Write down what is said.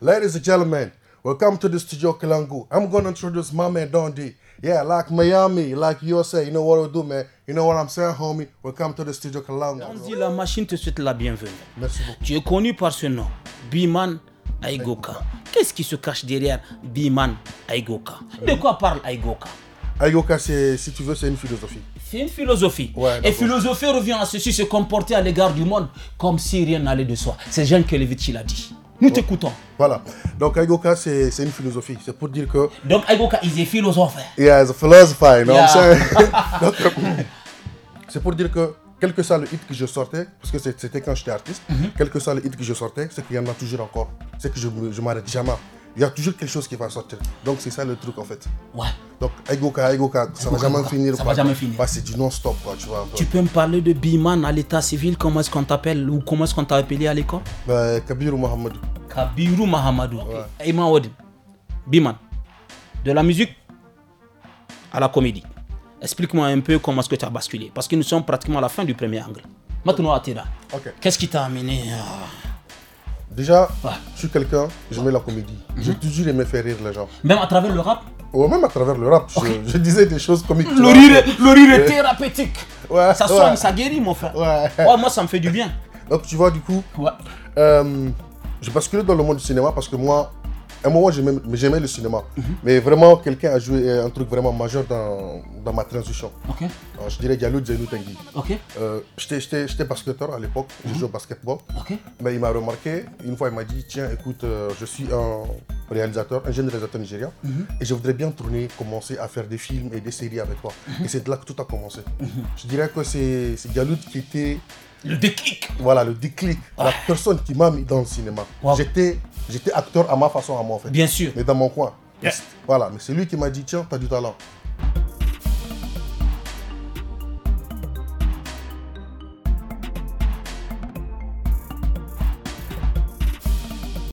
Ladies and gentlemen, welcome to the Studio Kalangu. I'm gonna introduce my man Dondi. Yeah, like Miami, like USA, you know what we do, man. You know what I'm saying, homie. Welcome to the Studio Kalangu. Dondi, la machine te souhaite la bienvenue. Merci beaucoup. Tu es connu par ce nom, Biman Aigoka. Qu'est-ce qui se cache derrière Biman Aigoka De quoi parle Aigoka Aigoka, si tu veux, c'est une philosophie. C'est une philosophie. Ouais, et philosophie revient à ceci, se comporter à l'égard du monde comme si rien n'allait de soi. C'est Jean Kelevitch l'a dit. Nous t'écoutons. Voilà. Donc, Aigoka, c'est une philosophie. C'est pour dire que. Donc, Aigoka il est philosophe. Yeah, hein. he's a philosopher, you know what I'm saying? c'est pour dire que, quel que soit le hit que je sortais, parce que c'était quand j'étais artiste, mm-hmm. quel que soit le hit que je sortais, c'est qu'il y en a toujours encore. C'est que je ne m'arrête jamais il y a toujours quelque chose qui va sortir. Donc c'est ça le truc en fait. Ouais. Donc ça ne va jamais finir. Ça va jamais finir. Bah, c'est du non-stop quoi, tu vois. Tu peux me parler de Biman à l'état civil, comment est-ce qu'on t'appelle ou comment est-ce qu'on t'a appelé à l'école bah, Kabiru Mahamadou. Kabiru Mahamadou. Ouais. Biman. De la musique à la comédie. Explique-moi un peu comment est-ce que tu as basculé. Parce que nous sommes pratiquement à la fin du premier angle. Maintenant, Atira, Ok. qu'est-ce qui t'a amené à... Déjà, je suis quelqu'un, je mets la comédie. Mhm. J'ai toujours aimé faire rire les gens. Même à travers le rap Ouais, même à travers le rap. Je, disais des choses comiques. Le rire, le rire est thérapeutique. Ouais, ça soigne, ça guérit, mon frère. Ouais. moi, ça me fait du bien. Donc, tu vois, du coup, ouais. Euh, je dans le monde du cinéma parce que moi, un moment, j'aimais le cinéma. Mhm. Mais vraiment, quelqu'un a joué un truc vraiment majeur dans, dans ma transition. je dirais Galoud Zenou Tanguy. Euh, j'étais basketteur à l'époque, je mhm. jouais au basketball. Mais il m'a remarqué, une fois, il m'a dit Tiens, écoute, euh, je suis un réalisateur, un jeune réalisateur nigérien, mhm. et je voudrais bien tourner, commencer à faire des films et des séries avec toi. Et c'est de là que tout a commencé. Je dirais que c'est Galoud qui était le déclic. Voilà, le déclic. La personne qui m'a mis dans le cinéma. J'étais, j'étais acteur à ma façon, à moi, en fait. Bien sûr. Mais dans mon coin. Voilà, mais c'est lui qui m'a dit tiens, t'as du talent.